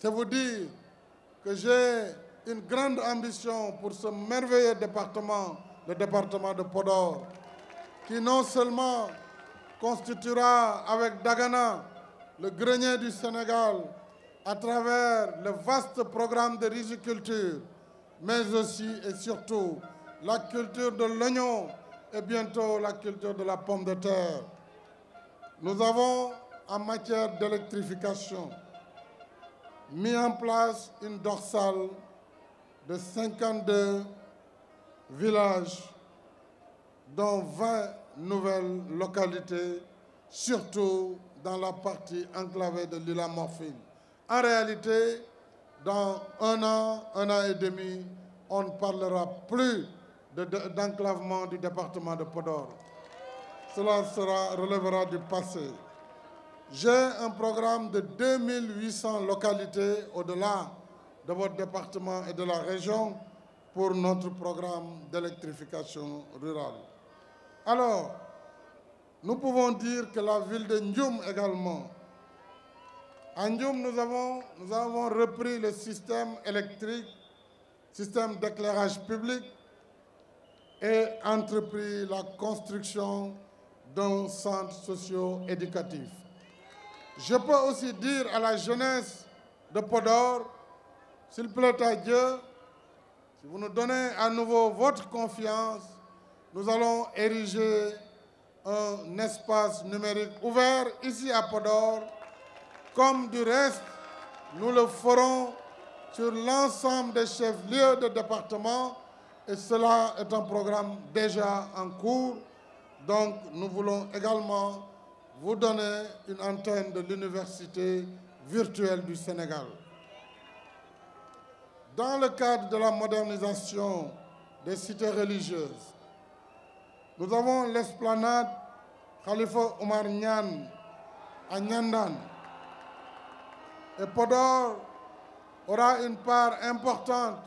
C'est vous dire que j'ai une grande ambition pour ce merveilleux département, le département de Podor, qui non seulement constituera avec Dagana le grenier du Sénégal à travers le vaste programme de riziculture, mais aussi et surtout la culture de l'oignon et bientôt la culture de la pomme de terre. Nous avons en matière d'électrification, mis en place une dorsale de 52 villages, dont 20 nouvelles localités, surtout dans la partie enclavée de l'île à Morphine. En réalité, dans un an, un an et demi, on ne parlera plus d'enclavement du département de Podor. Cela relèvera du passé. J'ai un programme de 2800 localités au-delà de votre département et de la région pour notre programme d'électrification rurale. Alors, nous pouvons dire que la ville de Ndioum également. À Ndioum, nous avons, nous avons repris le système électrique, système d'éclairage public et entrepris la construction d'un centre socio-éducatif. Je peux aussi dire à la jeunesse de Podor, s'il plaît à Dieu, si vous nous donnez à nouveau votre confiance, nous allons ériger un espace numérique ouvert ici à Podor. Comme du reste, nous le ferons sur l'ensemble des chefs-lieux de département et cela est un programme déjà en cours. Donc nous voulons également vous donner une antenne de l'université virtuelle du Sénégal. Dans le cadre de la modernisation des cités religieuses, nous avons l'esplanade Khalifa Omar Nyan à Nyandan. Et Podor aura une part importante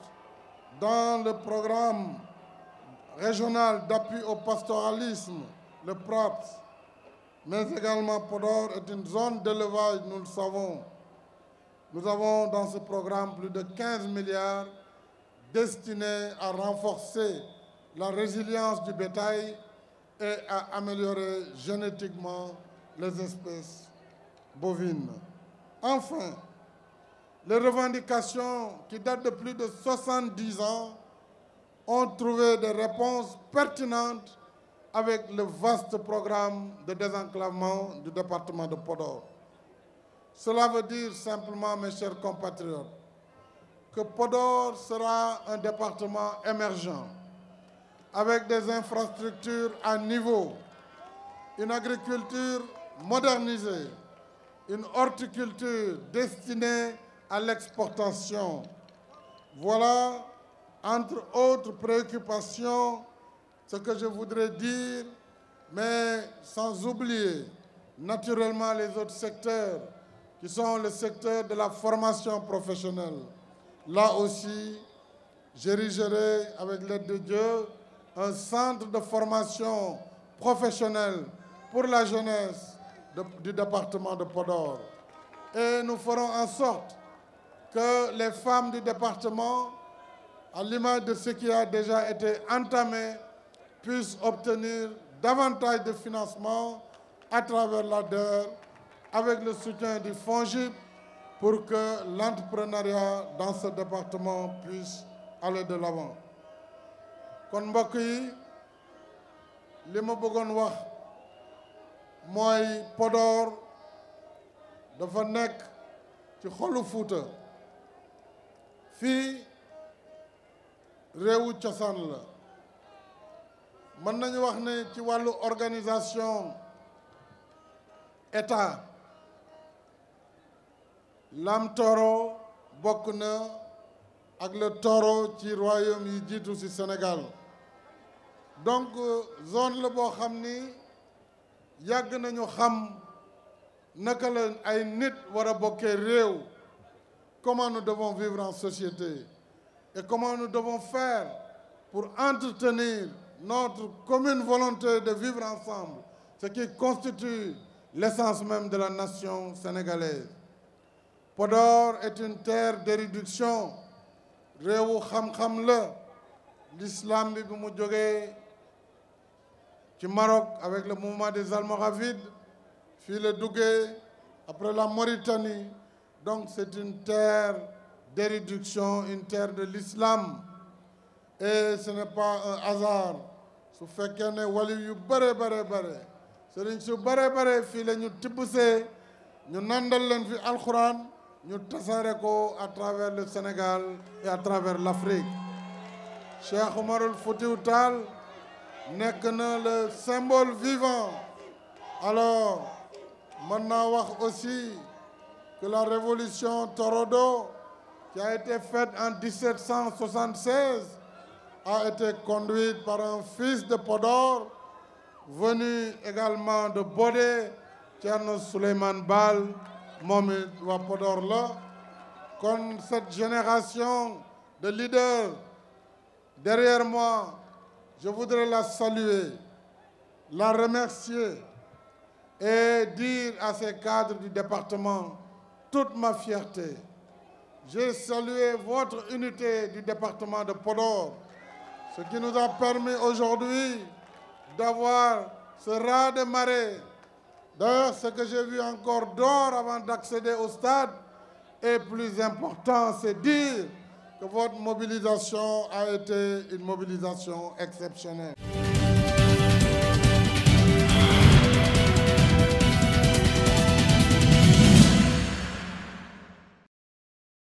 dans le programme régional d'appui au pastoralisme, le PROPS, mais également Podor est une zone d'élevage, nous le savons. Nous avons dans ce programme plus de 15 milliards destinés à renforcer la résilience du bétail et à améliorer génétiquement les espèces bovines. Enfin, les revendications qui datent de plus de 70 ans ont trouvé des réponses pertinentes avec le vaste programme de désenclavement du département de Podor. Cela veut dire simplement, mes chers compatriotes, que Podor sera un département émergent, avec des infrastructures à niveau, une agriculture modernisée, une horticulture destinée à l'exportation. Voilà, entre autres préoccupations, ce que je voudrais dire, mais sans oublier naturellement les autres secteurs, qui sont le secteur de la formation professionnelle. Là aussi, j'érigerai avec l'aide de Dieu un centre de formation professionnelle pour la jeunesse du département de Podor. Et nous ferons en sorte que les femmes du département, à l'image de ce qui a déjà été entamé, puissent obtenir davantage de financement à travers l'ADER avec le soutien du FONGIP pour que l'entrepreneuriat dans ce département puisse aller de l'avant. Nous nañu wax né ci walu organisation état l'âme taureau le ci royaume yi Sénégal donc zone la bo nous yag nañu xam naka comment nous devons vivre en société et comment nous devons faire pour entretenir notre commune volonté de vivre ensemble, ce qui constitue l'essence même de la nation sénégalaise. Podor est une terre de réduction réewu kham l'islam bi qui Maroc avec le mouvement des Almoravides puis le après la Mauritanie donc c'est une terre de réduction une terre de l'islam et ce n'est pas un hasard su fekkee ne waliw yu bare bare bare sëriñ su bare bare fi lañu ñu ñu nandal leen fi alcorane ñu tasaare ko à travers le Sénégal et à travers l'Afrique Cheikh Oumarul Foutiou Tall nekk na le symbole vivant alors mën naa wax aussi que la révolution Torodo qui a été faite en 1776 a été conduite par un fils de Podor, venu également de Bodé, Tierno Suleiman Bal, Mohamed Wapodor, Comme cette génération de leaders derrière moi, je voudrais la saluer, la remercier et dire à ces cadres du département toute ma fierté. J'ai salué votre unité du département de Podor ce qui nous a permis aujourd'hui d'avoir ce ras de marée. D'ailleurs, ce que j'ai vu encore d'or avant d'accéder au stade est plus important, c'est dire que votre mobilisation a été une mobilisation exceptionnelle.